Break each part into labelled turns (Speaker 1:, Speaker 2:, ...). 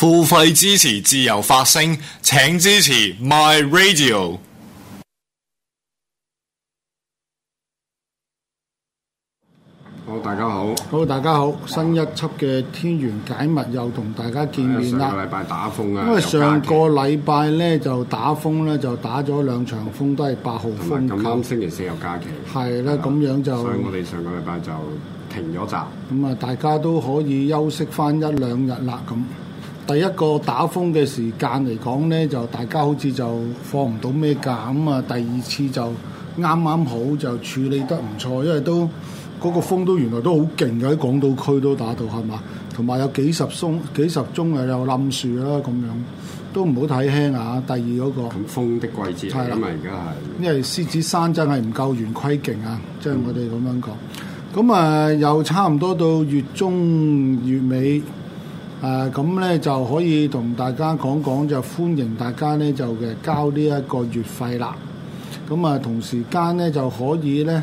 Speaker 1: 付費支持自由發聲，請支持 My Radio。
Speaker 2: 好，
Speaker 1: 大家好。
Speaker 2: 好哇，大家好。新一輯嘅天玄解密又同大家見面啦。上個禮
Speaker 1: 拜打風啊，因為上
Speaker 2: 個禮拜咧就打風咧，就打咗兩場風都係八號風球。咁啱星期四有假期。係啦的，咁樣就。所以我
Speaker 1: 哋上個禮拜就停咗閘。
Speaker 2: 咁啊，大家都可以休息翻一兩日啦，咁。第一個打風嘅時間嚟講呢，就大家好似就放唔到咩假咁啊。第二次就啱啱好就處理得唔錯，因為都嗰、那個風都原來都好勁嘅，喺港島區都打到係嘛。同埋有，有幾十宗、幾十宗啊，又冧樹啦咁樣，都唔好睇輕啊。第二嗰、那個咁風的季節，咁啊了因，因為獅子山真係唔夠圓規勁啊，即、就、係、是、我哋咁樣講。咁啊、嗯，又差唔多到月中月尾。誒咁咧就可以同大家講講，就歡迎大家咧就嘅交呢一個月費啦。咁啊，同時間咧就可以咧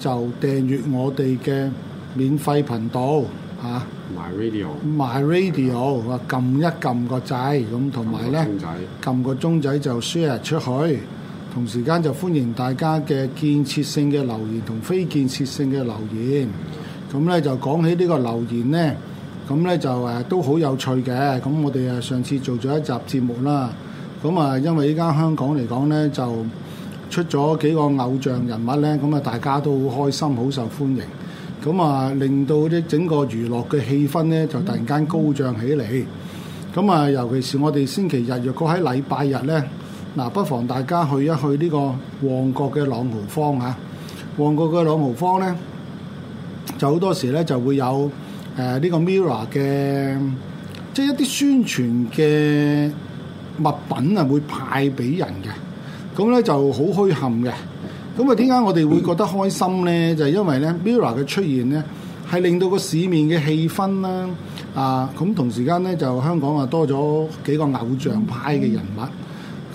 Speaker 2: 就訂閱我哋嘅免費頻道啊。MyRadio。MyRadio，啊，撳一撳個掣，咁同埋咧撳個鐘仔就 share 出去。同時間就歡迎大家嘅建設性嘅留言同非建設性嘅留言。咁咧就講起呢個留言咧。咁咧就誒都好有趣嘅，咁我哋誒上次做咗一集節目啦，咁啊因為依家香港嚟講咧就出咗幾個偶像人物咧，咁啊大家都好開心，好受歡迎，咁啊令到啲整個娛樂嘅氣氛咧就突然間高漲起嚟，咁啊尤其是我哋星期日，若果喺禮拜日咧，嗱不妨大家去一去呢個旺角嘅朗豪坊吓，旺角嘅朗豪坊咧就好多時咧就會有。誒呢、啊呢個 Mirror 嘅，即係一啲宣傳嘅物品啊，會派俾人嘅，咁咧就好墟冚嘅。咁啊，點解我哋會覺得開心咧？嗯、就係因為咧 Mirror 嘅出現咧，係令到個市面嘅氣氛啦、啊，啊，咁同時間咧就香港啊多咗幾個偶像派嘅人物，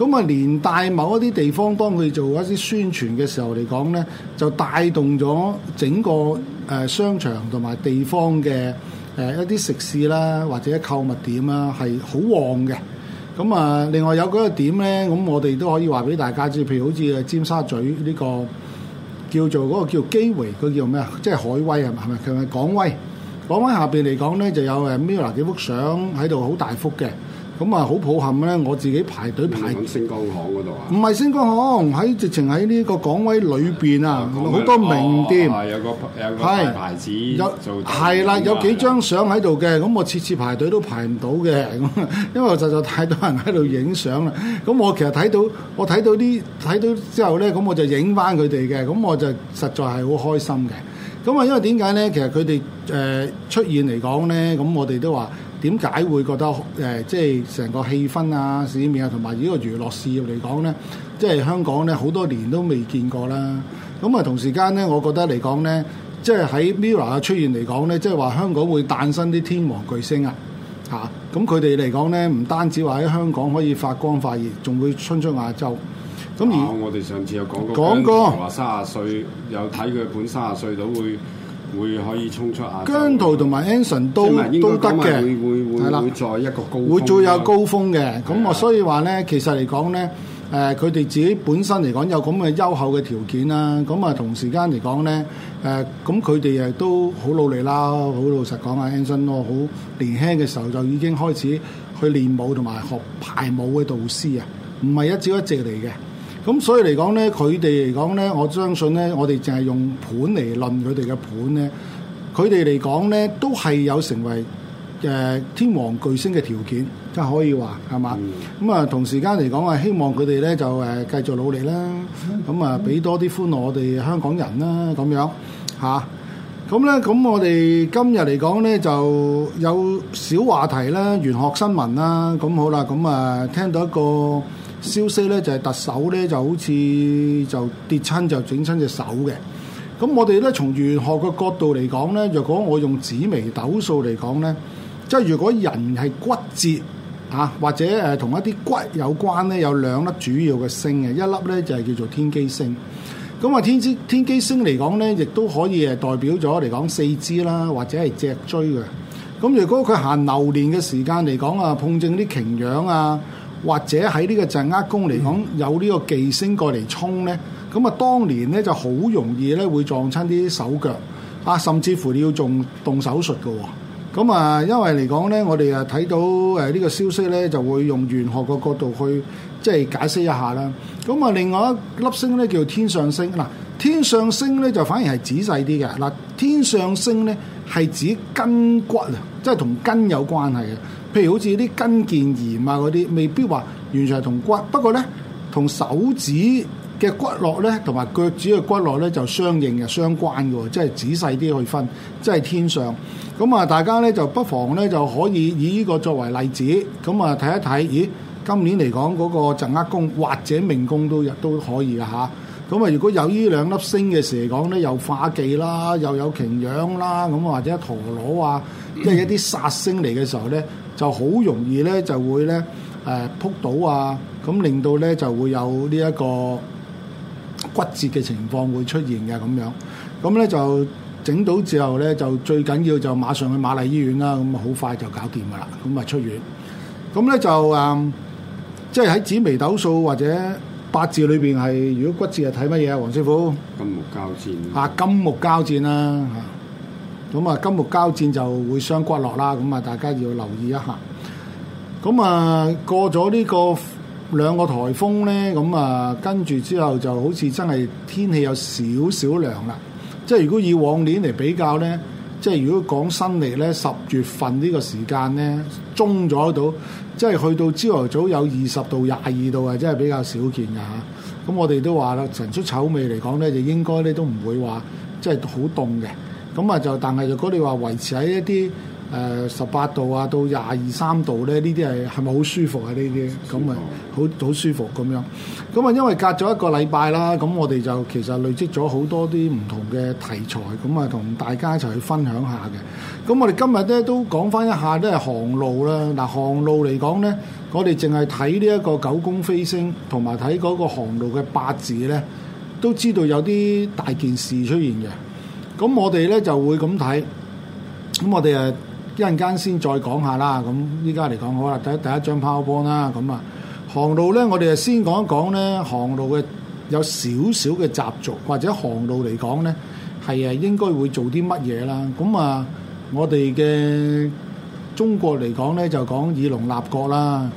Speaker 2: 咁啊、嗯、連帶某一啲地方幫佢做一啲宣傳嘅時候嚟講咧，就帶動咗整個。誒商場同埋地方嘅誒一啲食肆啦，或者一購物點啦，係好旺嘅。咁啊，另外有嗰個點咧，咁我哋都可以話俾大家知，譬如好似尖沙咀呢個叫做嗰個叫 Gateway，佢叫咩啊？即係海威係咪？係咪？係咪港威？港威下邊嚟講咧，就有誒 Mira 幾幅相喺度，好大幅嘅。咁啊，好抱憾咧！我自己排隊排星光行嗰度啊，唔係星光行，喺直情喺呢個港威裏面、嗯、啊，好多名店，係、哦啊、
Speaker 1: 有個有個大牌子，有做係啦、啊，有幾
Speaker 2: 張相喺度嘅，咁我次次排隊都排唔到嘅， 因為實在太多人喺度影相啦。咁我其實睇到我睇到啲睇到之後咧，咁我就影翻佢哋嘅，咁我就實在係好開心嘅。咁啊，因為點解咧？其實佢哋誒出現嚟講咧，咁我哋都話。點解會覺得誒，即係成個氣氛啊、市面啊，同埋呢個娛樂事業嚟講咧，即係香港咧，好多年都未見過啦。咁啊，同時間咧，我覺得嚟講咧，即係喺 MIRROR 嘅出現嚟講咧，即係話香港會誕生啲天王巨星啊，嚇！咁佢哋嚟講咧，唔單止話喺香港可以發光發熱，仲會衝出亞洲。
Speaker 1: 咁而、啊、我哋上次有講過，講過話卅過歲有睇佢本卅歲都會。會可以衝出啊！姜濤
Speaker 2: 同埋 Anson 都都得嘅，係啦，會
Speaker 1: 再一個高會再有
Speaker 2: 高峰嘅。咁我所以話咧，其實嚟講咧，誒佢哋自己本身嚟講有咁嘅優厚嘅條件啦。咁啊，同時間嚟講咧，誒咁佢哋誒都好努力啦。好老實講啊，Anson 我好年輕嘅時候就已經開始去練舞同埋學排舞嘅導師啊，唔係一朝一夕嚟嘅。咁所以嚟講咧，佢哋嚟講咧，我相信咧，我哋淨係用盤嚟論佢哋嘅盤咧。佢哋嚟講咧，都係有成為誒天王巨星嘅條件，即係可以話係嘛。咁啊，同時間嚟講啊，希望佢哋咧就誒繼續努力啦。咁啊，俾多啲歡樂我哋香港人啦，咁樣嚇。咁咧，咁我哋今日嚟講咧，就有小話題啦，玄學新聞啦。咁好啦，咁啊，聽到一個。消息咧就係，是，特首咧就好似就跌親就整親隻手嘅。咁我哋咧從玄學嘅角度嚟講咧，若果我用紫微斗數嚟講咧，即，就，係，是，如果人係骨折啊或者同一啲骨有關咧，有兩粒主要嘅星嘅，一粒咧就係叫做天機星。咁啊，天機天機星嚟講咧，亦都可以誒代表咗嚟講四肢啦或者係脊椎嘅。咁如果佢行流年嘅時間嚟講啊，碰正啲擎羊啊～或者喺呢個疾厄宮嚟講，有呢個忌星過嚟衝呢。咁啊當年呢就好容易咧會撞親啲手腳啊，甚至乎你要做動手術嘅。咁啊，因為嚟講呢，我哋啊睇到誒呢個消息呢，就會用玄學嘅角度去即係解釋一下啦。咁啊，另外一粒星呢，叫天上星嗱，天上星呢，就反而係仔細啲嘅嗱，天上星呢，係指筋骨啊，即係同筋有關係嘅。譬如好似啲跟腱炎啊嗰啲，未必話完全係同骨，不過咧同手指嘅骨骼咧，同埋腳趾嘅骨骼咧就相應嘅、相關嘅，即係仔細啲去分，即係天上咁啊！大家咧就不妨咧就可以以呢個作為例子，咁啊睇一睇，咦，今年嚟講嗰個疾厄宮或者命宮都都可以嘅吓。咁啊如果有呢兩粒星嘅時嚟講咧，又化忌啦，又有擎羊啦，咁或者陀羅啊，即係 一啲煞星嚟嘅時候咧。就好容易咧，就會咧誒撲倒啊！咁令到咧就會有呢一個骨折嘅情況會出現嘅咁樣。咁咧就整到之後咧，就最緊要就馬上去瑪麗醫院啦。咁啊好快就搞掂㗎啦。咁啊出院。咁咧就誒，即係喺紫微斗數或者八字裏邊係，如果骨折係睇乜嘢啊，黃師傅？
Speaker 1: 金木交戰。啊，
Speaker 2: 金木交戰啦。咁啊，金木交戰就會相刮落啦，咁啊，大家要留意一下。咁啊，過咗呢個兩個颱風呢，咁啊，跟住之後就好似真係天氣有少少涼啦。即係如果以往年嚟比較呢，即係如果講新曆呢，十月份呢個時間呢，中咗度，即係去到朝頭早有二十度、廿二度啊，真係比較少見噶吓。咁我哋都話啦，神出醜味嚟講呢，就應該呢都唔會話即係好凍嘅。咁啊，就但係，如果你話維持喺一啲誒十八度啊，到廿二三度咧，呢啲係係咪好舒服啊？呢啲咁啊，好好舒服咁樣。咁啊，因為隔咗一個禮拜啦，咁我哋就其實累積咗好多啲唔同嘅題材，咁啊，同大家一齊去分享下嘅。咁我哋今日咧都講翻一下我們今天，都係航路啦。嗱，航路嚟講咧，我哋淨係睇呢一個九宮飛星，同埋睇嗰個航路嘅八字咧，都知道有啲大件事出現嘅。咁我哋咧就會咁睇，咁我哋誒一陣間先再講下啦。咁依家嚟講好啦，第一第一張拋波啦。咁啊，航路咧，我哋誒先講一講咧航路嘅有少少嘅習俗，或者航路嚟講咧係誒應該會做啲乜嘢啦。咁啊，我哋嘅中國嚟講咧就講以龍立國啦。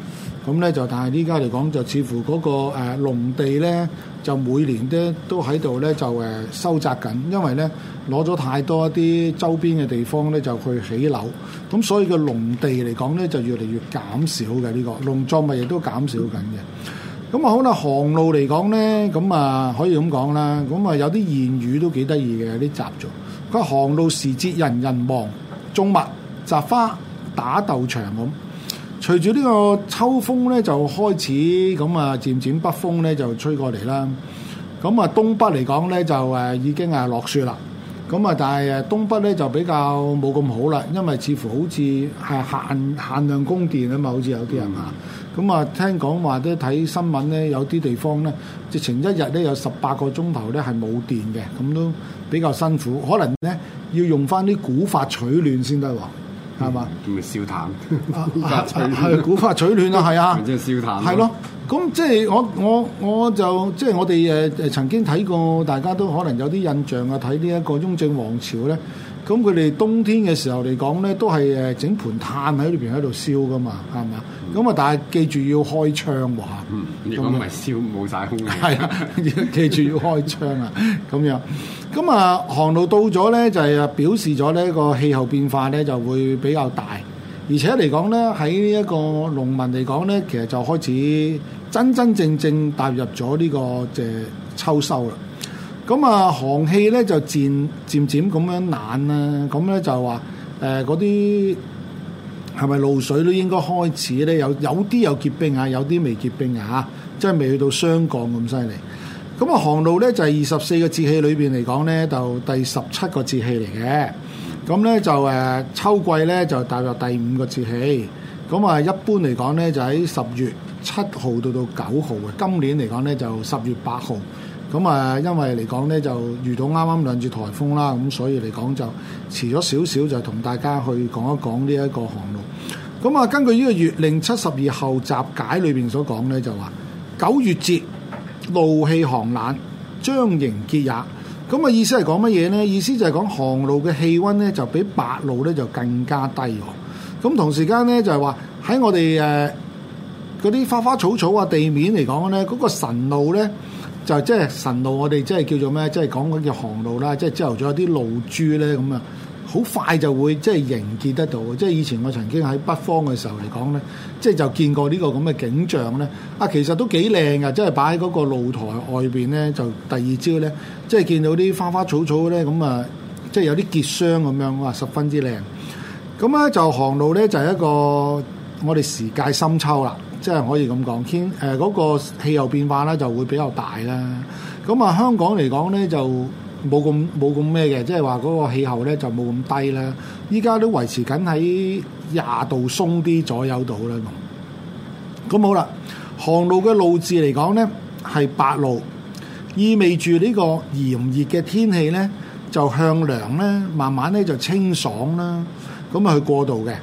Speaker 2: 咁咧就，但係呢家嚟講就似乎嗰、那個誒、呃、農地咧，就每年咧都喺度咧就、呃、收窄緊，因為咧攞咗太多一啲周邊嘅地方咧就去起樓，咁所以個農地嚟講咧就越嚟越減少嘅呢、這個，農作物亦都減少緊嘅。咁、嗯、啊好啦，航路嚟講咧，咁啊可以咁講啦，咁啊有啲諺語都幾得意嘅，啲習俗。佢話航路時節人人忙，種麥、摘花打豆場咁。隨住呢個秋風咧，就開始咁啊，漸漸北風咧就吹過嚟啦。咁啊，東北嚟講咧，就已經落雪啦。咁啊，但係誒東北咧就比較冇咁好啦，因為似乎好似係限限量供電啊嘛，好似有啲人話。咁啊、嗯，聽講話都睇新聞咧，有啲地方咧，直情一日咧有十八個鐘頭咧係冇電嘅，咁都比較辛苦。可能咧要用翻啲古法取暖先得喎。係嘛？叫咪燒炭？係古法取暖啊，係都啊。咪
Speaker 1: 即係燒炭咯。係咯、啊，
Speaker 2: 咁即係我我我就即係、就是、我哋誒曾經睇過，大家都可能有啲印象啊，睇呢一個雍正王朝咧。咁佢哋冬天嘅時候嚟講咧，都係整盤炭喺裏面喺度燒噶嘛，係嘛？咁啊、嗯，但係記住要開窗喎。咁咪燒
Speaker 1: 冇晒就空氣。係
Speaker 2: 啦，記住要開窗啊，咁 樣。咁啊，航道寒露到咗咧，就係、是、啊表示咗呢個氣候變化咧就會比較大，而且嚟講咧喺呢一個農民嚟講咧，其實就開始真真正正踏入咗呢個即係秋收啦。咁啊，寒氣咧就漸漸漸咁樣冷啦、啊，咁咧就話誒嗰啲係咪露水都應該開始咧？有有啲有結冰啊，有啲未結冰啊嚇、啊，即係未去到霜降咁犀利。咁啊，寒露咧就係二十四個節氣裏邊嚟講咧，就第十七個節氣嚟嘅。咁咧就誒、啊、秋季咧就大約第五個節氣。咁啊，一般嚟講咧就喺十月七號到到九號嘅。今年嚟講咧就十月八號。咁啊，因為嚟講咧就遇到啱啱兩次颱風啦，咁所以嚟講就遲咗少少，就同大家去講一講呢一個寒露。咁啊，根據呢個《月令七十二候集解》裏邊所講咧，就話九月節，露氣寒冷，將凝結也。咁嘅意思係講乜嘢咧？意思就係講寒露嘅氣温咧，就比白露咧就更加低喎。咁同時間咧就係話喺我哋誒嗰啲花花草草啊地面嚟講咧，嗰個晨露咧。就即係晨露我哋即係叫做咩？即係講嗰隻寒露啦，即係朝頭早有啲露珠咧咁啊，好快就會即係凝結得到。即係以前我曾經喺北方嘅時候嚟講咧，即係就見過呢個咁嘅景象咧。啊，其實都幾靚啊。即係擺喺嗰個露台外面咧，就第二朝咧，即係見到啲花花草草咧咁啊，即係有啲結霜咁樣，啊，十分之靚。咁咧就寒露咧就係一個我哋時屆深秋啦。即係可以咁講，誒嗰個氣候變化咧就會比較大啦。咁啊，香港嚟講咧就冇咁冇咁咩嘅，即係話嗰個氣候咧就冇咁低啦。依家都維持緊喺廿度鬆啲左右度啦。咁好啦，寒露嘅露字嚟講咧係白露，意味住呢個炎熱嘅天氣咧就向涼咧，慢慢咧就清爽啦。咁啊去過渡嘅。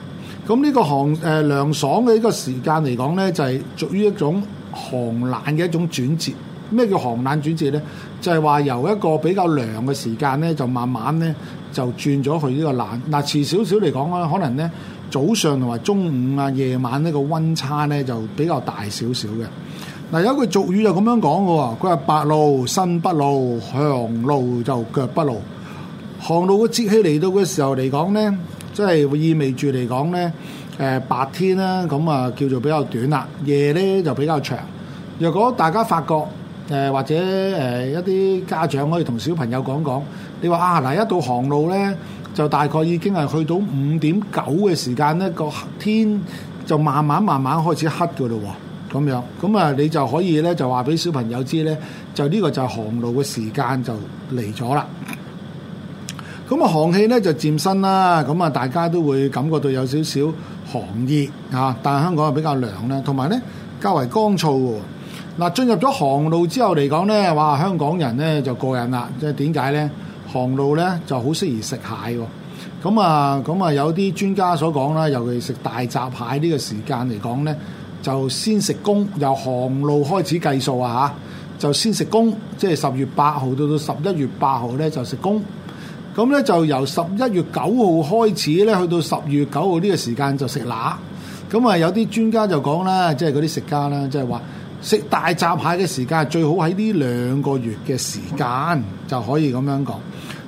Speaker 2: 咁呢個寒誒涼、呃、爽嘅呢個時間嚟講呢就係屬於一種寒冷嘅一種轉折。咩叫寒冷轉折呢？就係、是、話由一個比較涼嘅時間呢，就慢慢呢就轉咗去呢個冷嗱，遲少少嚟講啊，可能呢早上同埋中午啊、夜晚呢個溫差呢，就比較大少少嘅嗱。有句俗語就咁樣講嘅喎，佢話白露身不露，寒露就腳不露。寒露嘅節氣嚟到嘅時候嚟講呢。即係會意味住嚟講咧，誒白天啦，咁啊叫做比較短啦，夜咧就比較長。若果大家發覺，誒或者誒一啲家長可以同小朋友講講，你話啊嗱，一到航路咧，就大概已經係去到五點九嘅時間咧，個天就慢慢慢慢開始黑㗎啦喎，咁樣，咁啊你就可以咧就話俾小朋友知咧，就呢個就係航路嘅時間就嚟咗啦。咁啊，寒氣咧就漸新啦。咁啊，大家都會感覺到有少少寒熱啊，但係香港啊比較涼啦，同埋咧較為乾燥喎。嗱，啊，進入咗寒露之後嚟講咧，哇！香港人咧就過癮啦，即係點解咧？寒露咧就好適宜食蟹喎。咁啊，咁啊，有啲專家所講啦，尤其食大閘蟹呢個時間嚟講咧，就先食公由寒露開始計數啊，嚇就先食公，即係十月八號到到十一月八號咧就食公。咁咧、嗯、就由十一月九號開始咧，去到十二月九號呢個時間就食乸。咁、嗯、啊有啲專家就講啦，即係嗰啲食家啦，即係話食大閘蟹嘅時間最好喺呢兩個月嘅時間就可以咁樣講。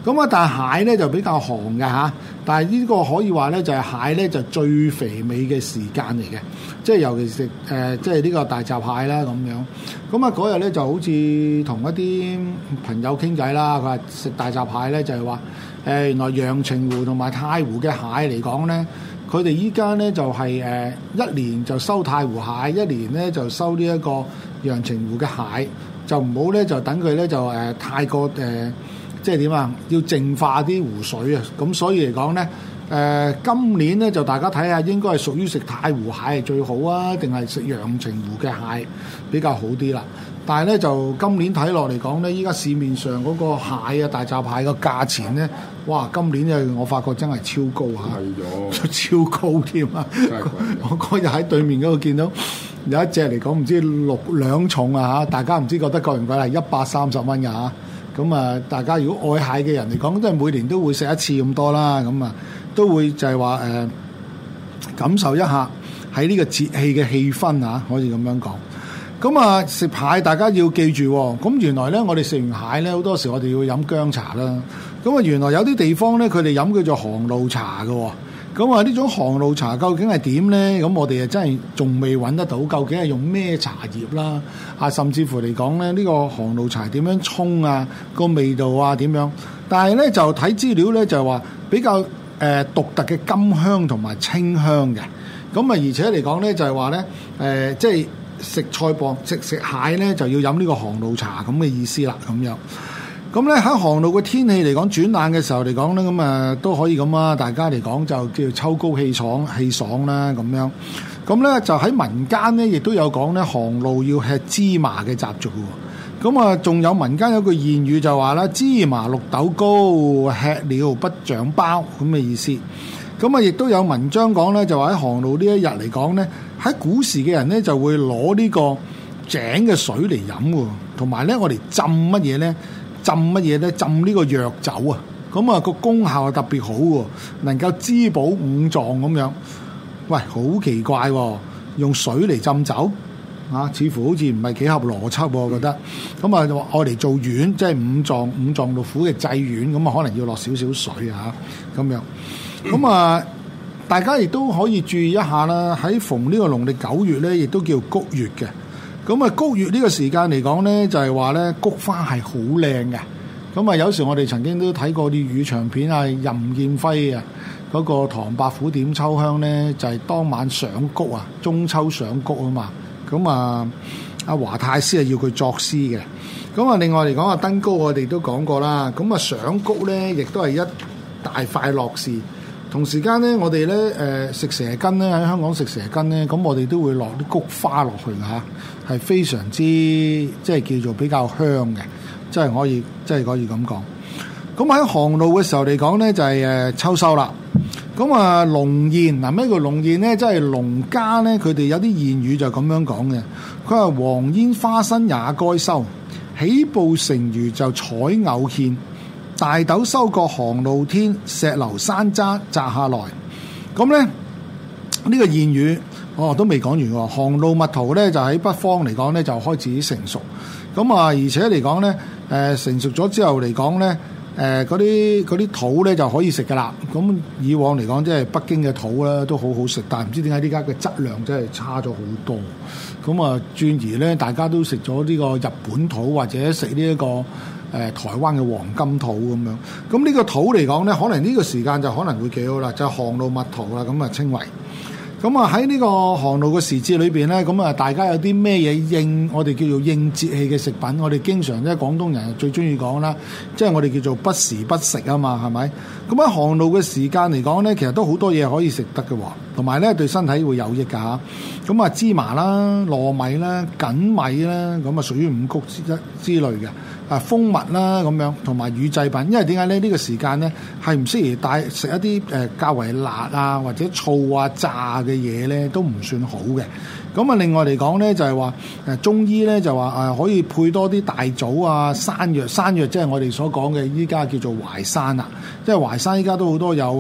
Speaker 2: 咁啊，但係蟹咧就比較寒㗎。吓，但係呢個可以話咧，就係蟹咧就最肥美嘅時間嚟嘅，即係尤其是誒、呃，即係呢個大閘蟹，蟹啦咁樣。咁、嗯、啊，嗰日咧就好似同一啲朋友傾偈啦，佢話食大閘蟹咧就係話誒，原來陽澄湖同埋太湖嘅蟹嚟講咧，佢哋依家咧就係、是、誒、呃、一年就收太湖蟹，一年咧就收呢一個陽澄湖嘅蟹，就唔好咧就等佢咧就誒、呃、太過誒。呃即係點啊？要淨化啲湖水啊！咁所以嚟講呢，誒、呃、今年呢，就大家睇下，應該係屬於食太湖蟹係最好啊，定係食陽澄湖嘅蟹比較好啲啦、啊。但係呢，就今年睇落嚟講呢，依家市面上嗰個蟹啊、大閘蟹個價錢呢，哇！今年我發覺真係超高啊，係超高添啊！我嗰日喺對面嗰度見到有一隻嚟講唔知六兩重啊嚇，大家唔知覺得貴唔貴啊？一百三十蚊㗎嚇！咁啊，大家如果愛蟹嘅人嚟講，都係每年都會食一次咁多啦。咁啊，都會就係話誒感受一下喺呢個節氣嘅氣氛啊，可以咁樣講。咁啊，食蟹大家要記住，咁原來咧我哋食完蟹咧，好多時我哋要飲薑茶啦。咁啊，原來有啲地方咧，佢哋飲叫做寒露茶嘅。咁啊！呢種寒露茶究竟係點呢？咁我哋啊真係仲未揾得到，究竟係用咩茶葉啦？啊，甚至乎嚟講呢呢、呢個寒露茶點樣沖啊？個味道啊點樣？但係呢，就睇資料呢，就係話比較誒、呃、獨特嘅甘香同埋清香嘅。咁啊而且嚟講呢，就係、是、話呢，呃、即係食菜殼食食蟹呢，就要飲呢個寒露茶咁嘅意思啦，咁樣。咁咧喺寒露嘅天氣嚟講，轉冷嘅時候嚟講咧，咁啊都可以咁啊，大家嚟講就叫秋高氣爽，氣爽啦咁樣。咁咧就喺民間咧，亦都有講咧，寒露要吃芝麻嘅習俗。咁啊，仲有民間有句諺語就話啦，芝麻綠豆糕吃了不長包咁嘅意思。咁啊，亦都有文章講咧，就話喺寒露呢一日嚟講咧，喺古時嘅人咧就會攞呢個井嘅水嚟飲喎，同埋咧我哋浸乜嘢咧？浸乜嘢咧？浸呢個藥酒啊，咁啊個功效特別好，啊，能夠滋補五臟咁樣。喂，好奇怪，啊，用水嚟浸酒啊，似乎好似唔係幾合邏輯，啊，我覺得。咁啊，就話愛嚟做丸，即係五臟五臟六腑嘅製丸，咁啊可能要落少少水啊，咁樣。咁啊， 大家亦都可以注意一下啦。喺逢呢個農曆九月咧，亦都叫谷月嘅。咁啊，菊月呢個時間嚟講呢就係話呢菊花係好靚嘅。咁啊，有時候我哋曾經都睇過啲粵語長片啊，任劍輝啊，嗰、那個《唐伯虎點秋香》呢，就係、是、當晚賞菊啊，中秋賞菊啊嘛。咁啊，阿、啊、華太師啊，要佢作詩嘅。咁啊，另外嚟講啊，登高我哋都講過啦。咁啊，賞菊呢，亦都係一大快樂事。同時間咧，我哋咧誒食蛇羹咧，喺香港食蛇羹咧，咁我哋都會落啲菊花落去嚇，係非常之即係叫做比較香嘅、就是就是就是啊，即係可以即係可以咁講。咁喺航路嘅時候嚟講咧，就係誒秋收啦。咁啊農諺嗱，呢個農諺咧，即係農家咧，佢哋有啲諺語就咁樣講嘅。佢話黃煙花生也該收，起步成餘就採藕芡，大豆收割露，航路天石榴山楂摘下來，咁呢呢、呢個諺語，我、哦、都未講完喎。航路蜜桃呢，就喺北方嚟講呢，就開始成熟，咁啊而且嚟講呢、呃，成熟咗之後嚟講呢，嗰啲嗰啲土呢就可以食㗎啦。咁以往嚟講即係北京嘅土呢都好好食，但唔知點解呢家嘅質量真係差咗好多。咁啊轉而呢，大家都食咗呢個日本土或者食呢一個。誒台灣嘅黃金土咁樣，咁呢個土嚟講咧，可能呢個時間就可能會幾好啦，就係寒露蜜桃啦，咁啊稱為。咁啊喺呢個寒露嘅時節裏面咧，咁啊大家有啲咩嘢應我哋叫做應節氣嘅食品，我哋經常咧廣東人最中意講啦，即係我哋叫做不時不食啊嘛，係咪？咁喺寒露嘅時間嚟講咧，其實都好多嘢可以食得嘅，同埋咧對身體會有益㗎嚇。咁啊芝麻啦、糯米啦、梗米啦，咁啊屬於五穀之之類嘅。啊，蜂蜜啦咁樣，同埋乳製品，因為點解咧？呢個時間咧係唔適宜帶食一啲誒較為辣啊，或者醋啊、炸嘅嘢咧，都唔算好嘅。咁啊，另外嚟講咧，就係話中醫咧，就話可以配多啲大棗啊、山藥、山藥即係我哋所講嘅依家叫做淮山啦、啊，即係淮山依家都好多有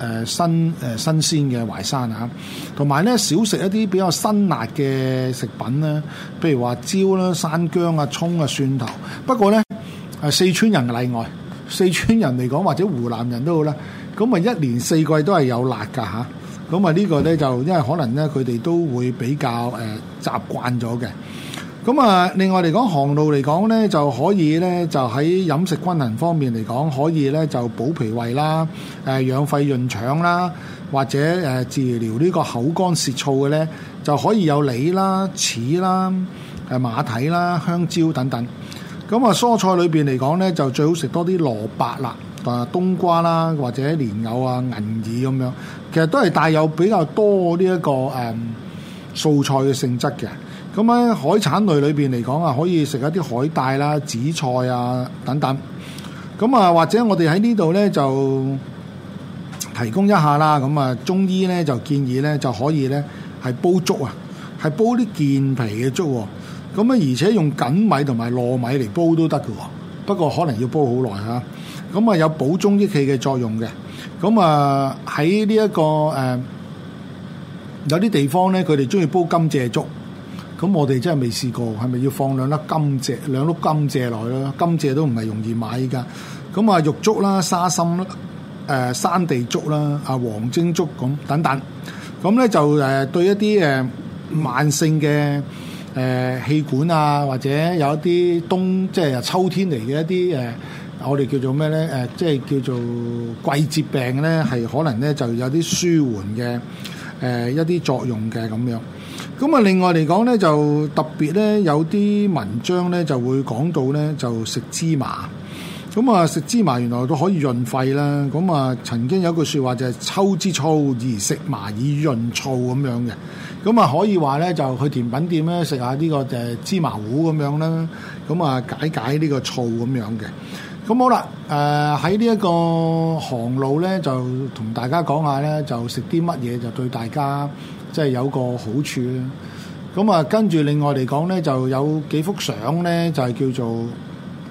Speaker 2: 誒新新鮮嘅淮山啊，同埋咧少食一啲比較辛辣嘅食品啦、啊，譬如話椒啦、山姜啊、葱啊、蒜頭。不過咧，四川人嘅例外，四川人嚟講或者湖南人都好啦，咁啊一年四季都係有辣噶嚇。咁啊，呢個呢，就因為可能呢，佢哋都會比較、呃、習慣咗嘅。咁啊，另外嚟講，行路嚟講呢，就可以呢，就喺飲食均衡方面嚟講，可以呢，就補脾胃啦、誒、呃、養肺潤腸啦，或者、呃、治療呢個口乾舌燥嘅呢，就可以有梨啦、柿啦、誒馬蹄啦、香蕉等等。咁啊，蔬菜裏面嚟講呢，就最好食多啲蘿蔔啦。冬瓜啦，或者蓮藕啊、銀耳咁樣，其實都係帶有比較多呢一個誒素菜嘅性質嘅。咁喺海產類裏邊嚟講啊，可以食一啲海帶啦、紫菜啊等等。咁啊，或者我哋喺呢度咧就提供一下啦。咁啊，中醫咧就建議咧就可以咧係煲粥啊，係煲啲健脾嘅粥。咁啊，而且用粳米同埋糯米嚟煲都得㗎。不過可能要煲好耐啊。咁啊，有補中益氣嘅作用嘅。咁啊，喺呢一個誒，有啲地方咧，佢哋中意煲甘蔗粥。咁我哋真係未試過，係咪要放兩粒甘蔗、兩粒甘蔗落去咧？甘蔗都唔係容易買㗎。咁啊，玉竹啦、沙參啦、誒山地粥啦、啊黃精粥咁等等。咁咧就誒對一啲誒慢性嘅誒氣管啊，或者有一啲冬即係秋天嚟嘅一啲誒。我哋叫做咩咧、呃？即係叫做季節病咧，係可能咧就有啲舒緩嘅誒、呃、一啲作用嘅咁樣。咁啊，另外嚟講咧，就特別咧有啲文章咧就會講到咧就食芝麻。咁、嗯、啊，食芝麻原來都可以潤肺啦。咁、嗯、啊、嗯，曾經有句說話就係秋之燥宜食麻以潤燥咁樣嘅。咁、嗯、啊、嗯，可以話咧就去甜品店咧食下呢個就係芝麻糊咁樣啦。咁、嗯、啊，解解呢個燥咁樣嘅。咁好啦，誒、呃、喺呢一個航路咧，就同大家講下咧，就食啲乜嘢就對大家即係有個好處咧。咁啊，跟住另外嚟講咧，就有幾幅相咧，就係叫做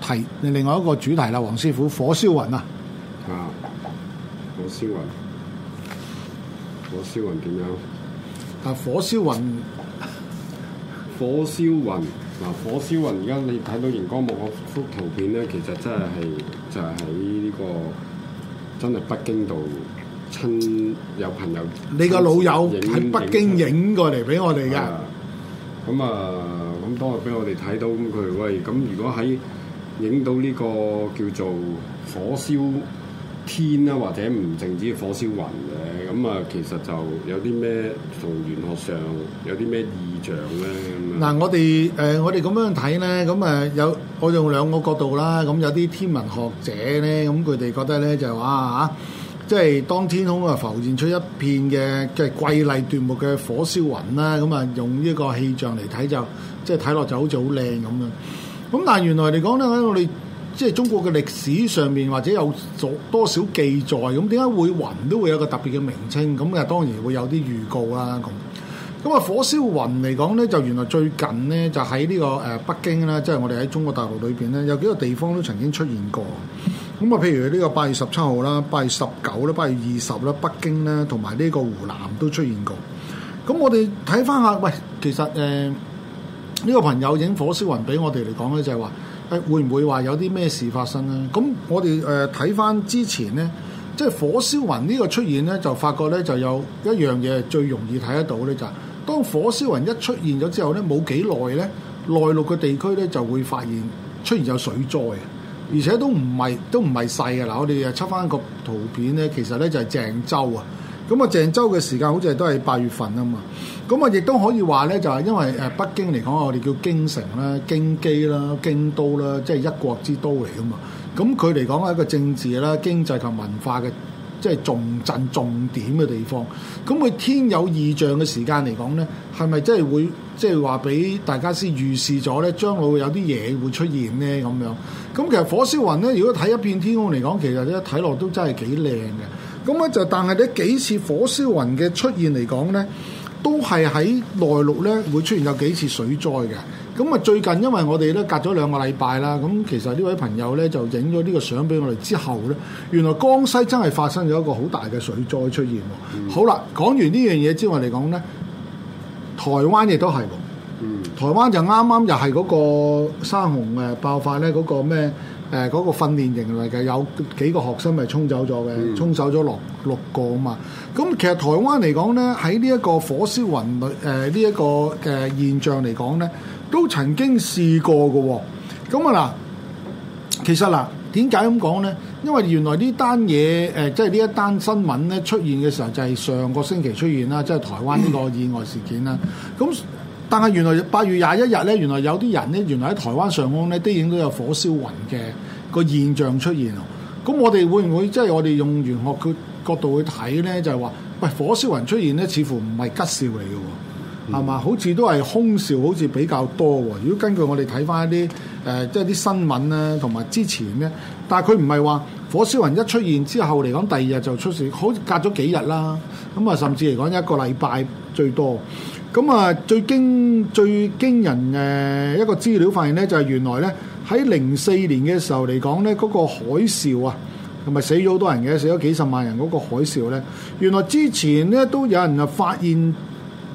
Speaker 2: 題另外一個主題啦，黃師傅，火燒雲啊！啊，
Speaker 1: 火燒雲，火燒雲點樣？啊，火燒雲，火燒雲。嗱，火燒雲，而家你睇到熒光幕嗰幅圖片咧，其實真係係就係喺呢個真係北京度親有朋友，你個老友喺北京
Speaker 2: 影過嚟俾我哋嘅。
Speaker 1: 咁啊，咁多謝俾我哋睇到。咁佢喂，咁如果喺影到呢個叫做火燒天啊，或者唔淨止火燒雲嘅。咁啊，其實就有啲咩從玄學上有啲咩異象咧？嗱，
Speaker 2: 我哋誒、呃、我哋咁樣睇咧，咁啊，有我用兩個角度啦。咁有啲天文學者咧，咁佢哋覺得咧就話嚇，即、啊、係、就係、當天空啊浮現出一片嘅即係瑰麗奪目嘅火燒雲啦。咁啊用呢個氣象嚟睇就，即係睇落就好似好靚咁樣。咁但係原來嚟講咧，我哋。即係中國嘅歷史上面或者有多多少記載，咁點解會雲都會有個特別嘅名稱？咁啊當然會有啲預告啦。咁咁啊火燒雲嚟講咧，就原來最近咧就喺呢個誒北京啦，即係我哋喺中國大陸裏邊咧有幾個地方都曾經出現過。咁啊譬如呢個八月十七號啦、八月十九啦、八月二十啦，北京咧同埋呢個湖南都出現過。咁我哋睇翻下，喂，其實誒呢個朋友影火燒雲俾我哋嚟講咧，就係話。誒會唔會話有啲咩事發生呢？咁我哋誒睇翻之前呢，即係火燒雲呢個出現呢，就發覺呢就有一樣嘢最容易睇得到呢。就係當火燒雲一出現咗之後呢，冇幾耐呢，內陸嘅地區呢就會發現出現有水災啊，而且都唔係都唔係細嘅嗱，我哋誒出翻個圖片呢，其實呢就係鄭州啊。咁啊，鄭州嘅時間好似係都係八月份啊嘛，咁啊亦都可以話咧，就係因為誒北京嚟講，我哋叫京城啦、京畿啦、京都啦，即係一國之都嚟噶嘛。咁佢嚟講係一個政治啦、經濟同文化嘅即係重鎮重點嘅地方。咁佢天有異象嘅時間嚟講咧，係咪真係會即係話俾大家先預示咗咧，將來會有啲嘢會出現咧咁樣？咁其實火燒雲咧，如果睇一片天空嚟講，其實咧睇落都真係幾靚嘅。咁咧就，但係呢幾次火燒雲嘅出現嚟講呢，都係喺內陸呢會出現有幾次水災嘅。咁啊最近因為我哋呢隔咗兩個禮拜啦，咁其實呢位朋友呢就影咗呢個相俾我哋之後呢，原來江西真係發生咗一個好大嘅水災出現。嗯、好啦，講完呢樣嘢之外嚟講呢，台灣亦都係喎。台灣就啱啱又係嗰個山洪誒爆發呢，嗰個咩？誒嗰、呃那個訓練營嚟嘅有幾個學生咪沖走咗嘅，嗯、沖走咗六六個啊嘛。咁其實台灣嚟講咧，喺呢一個火燒雲誒呢一個誒、呃、現象嚟講咧，都曾經試過喎、哦。咁啊嗱，其實嗱點解咁講咧？因為原來呢單嘢誒，即係呢一單新聞咧出現嘅時候就係上個星期出現啦，即係台灣呢個意外事件啦。咁、嗯。但係原來八月廿一日咧，原來有啲人咧，原來喺台灣上空咧都已經都有火燒雲嘅個現象出現。咁我哋會唔會即係我哋用玄學角度去睇咧？就係、是、話，喂，火燒雲出現咧，似乎唔係吉兆嚟嘅，係嘛、嗯？好似都係凶兆，好似比較多。如果根據我哋睇翻一啲、呃、即係啲新聞咧，同埋之前咧，但係佢唔係話火燒雲一出現之後嚟講，第二日就出事，好似隔咗幾日啦。咁啊，甚至嚟講一個禮拜最多。咁啊，最驚最驚人誒一個資料發現呢，就係、係、原來呢，喺零四年嘅時候嚟講呢嗰、嗰個海嘯啊，同埋死咗好多人嘅，死咗幾十萬人嗰個海嘯呢。原來之前呢，都有人啊發現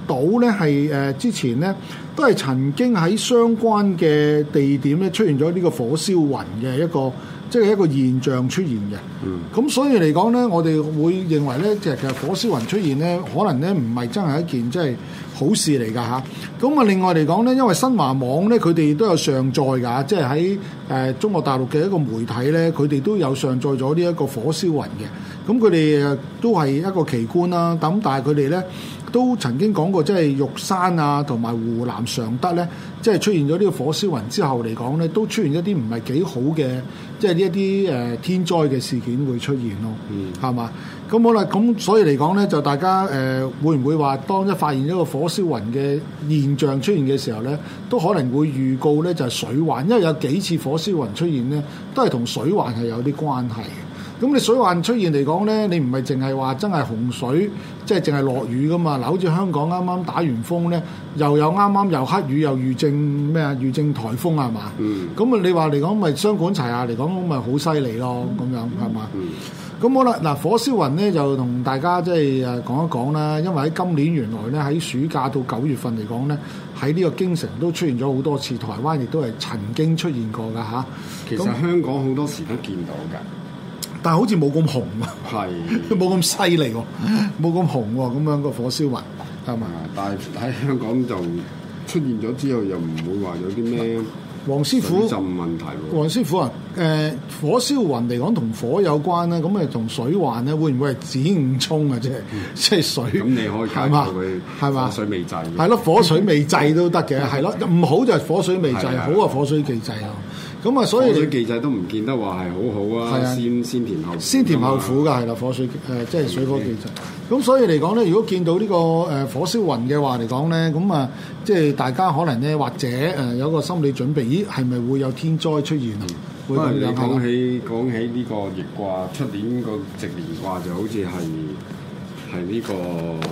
Speaker 2: 到呢係誒、呃、之前呢，都係曾經喺相關嘅地點呢出現咗呢個火燒雲嘅一個，即、即、係、係、一個現象出現嘅。咁、嗯、所以嚟講呢，我哋會認為呢，其實火燒雲出現呢，可能呢唔係真係一件即係，即係好事嚟㗎吓，咁啊另外嚟講咧，因為新華網咧佢哋都有上載㗎，即係喺誒中國大陸嘅一個媒體咧，佢哋都有上載咗呢一個火燒雲嘅，咁佢哋都係一個奇觀啦。咁但係佢哋咧都曾經講過，即係玉山啊同埋湖南常德咧，即係出現咗呢個火燒雲之後嚟講咧，都出現一啲唔係幾好嘅，即係一啲誒天災嘅事件會出現咯，係嘛、嗯？咁好啦，咁所以嚟講咧，就大家誒、呃、會唔會話當一發現一個火燒雲嘅現象出現嘅時候咧，都可能會預告咧就係、是、水患，因為有幾次火燒雲出現咧，都係同水患係有啲關係嘅。咁你水患出現嚟講咧，你唔係淨係話真係洪水，即係淨係落雨噶嘛？嗱，好似香港啱啱打完風咧，又有啱啱又黑雨又預證咩啊？預證颱風係嘛？嗯。咁啊，你話嚟講咪雙管齊下嚟講咪好犀利咯？咁、嗯、樣係嘛？嗯。咁好啦，嗱，火燒雲咧就同大家即係誒講一講啦。因為喺今年原來咧喺暑假到九月份嚟講咧，喺呢個京城都出現咗好多次，台灣亦都係曾經出現過㗎吓。其實那香港好多時都見到㗎，但係好似冇咁紅啊，係冇咁犀利喎，冇咁紅喎，咁樣
Speaker 1: 個火燒雲係嘛？是但係喺香港就出現咗之後，又唔會話有啲咩。黃師傅，問題黃
Speaker 2: 師傅啊，欸、火燒雲嚟講同火有關啦，咁誒同水患咧，會唔會係子午衝啊？嗯、即係即係水，係嘛？係嘛？火水未濟，係咯， 好就是火水未濟都得嘅，係咯，唔好就係火水未濟，好啊，火水既濟咯。
Speaker 1: 咁啊，所以水火既濟都唔見得話係好好啊，啊先
Speaker 2: 先甜後苦先甜後苦㗎，係啦，火水誒、呃、即係水火既濟。咁的所以嚟講咧，如果見到這個呢個誒火燒雲嘅話嚟講咧，咁啊，即係大家可能咧，或者誒有個心理準備，咦係咪會有天災出現啊？咁啊的，會會你講
Speaker 1: 起講起呢個逆卦，出年個直年卦就好似係係呢個。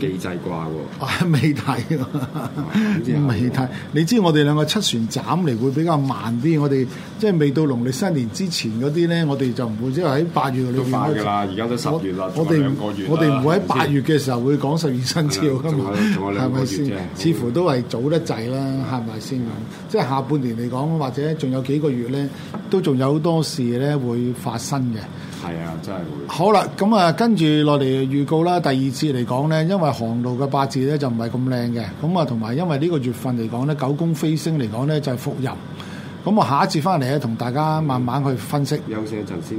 Speaker 2: 幾制掛喎？未睇，未睇，啊啊。你知我哋兩個七船斬嚟會比較慢啲。我哋即係未到農曆新年之前嗰啲咧，我哋就唔會即係喺八月裏面開始。都快㗎啦！而家都十
Speaker 1: 月啦，仲有兩個月啦。我哋唔，我哋唔會喺八
Speaker 2: 月嘅時候會講十二生肖㗎嘛，係咪先？是、是、似乎都係早得滯啦，係咪先？即係下半年嚟講，或者仲有幾個月咧，都仲有好多事咧會發生嘅。啊，真係好啦。咁啊，跟住落嚟預告啦。第二次嚟講呢，因為航路嘅八字呢就唔係咁靚嘅。咁啊，同埋因為呢個月份嚟講呢，九宮飛星嚟講呢就係、是、伏任。咁我下一次翻嚟咧，同大家慢慢去分析。休息一陣先。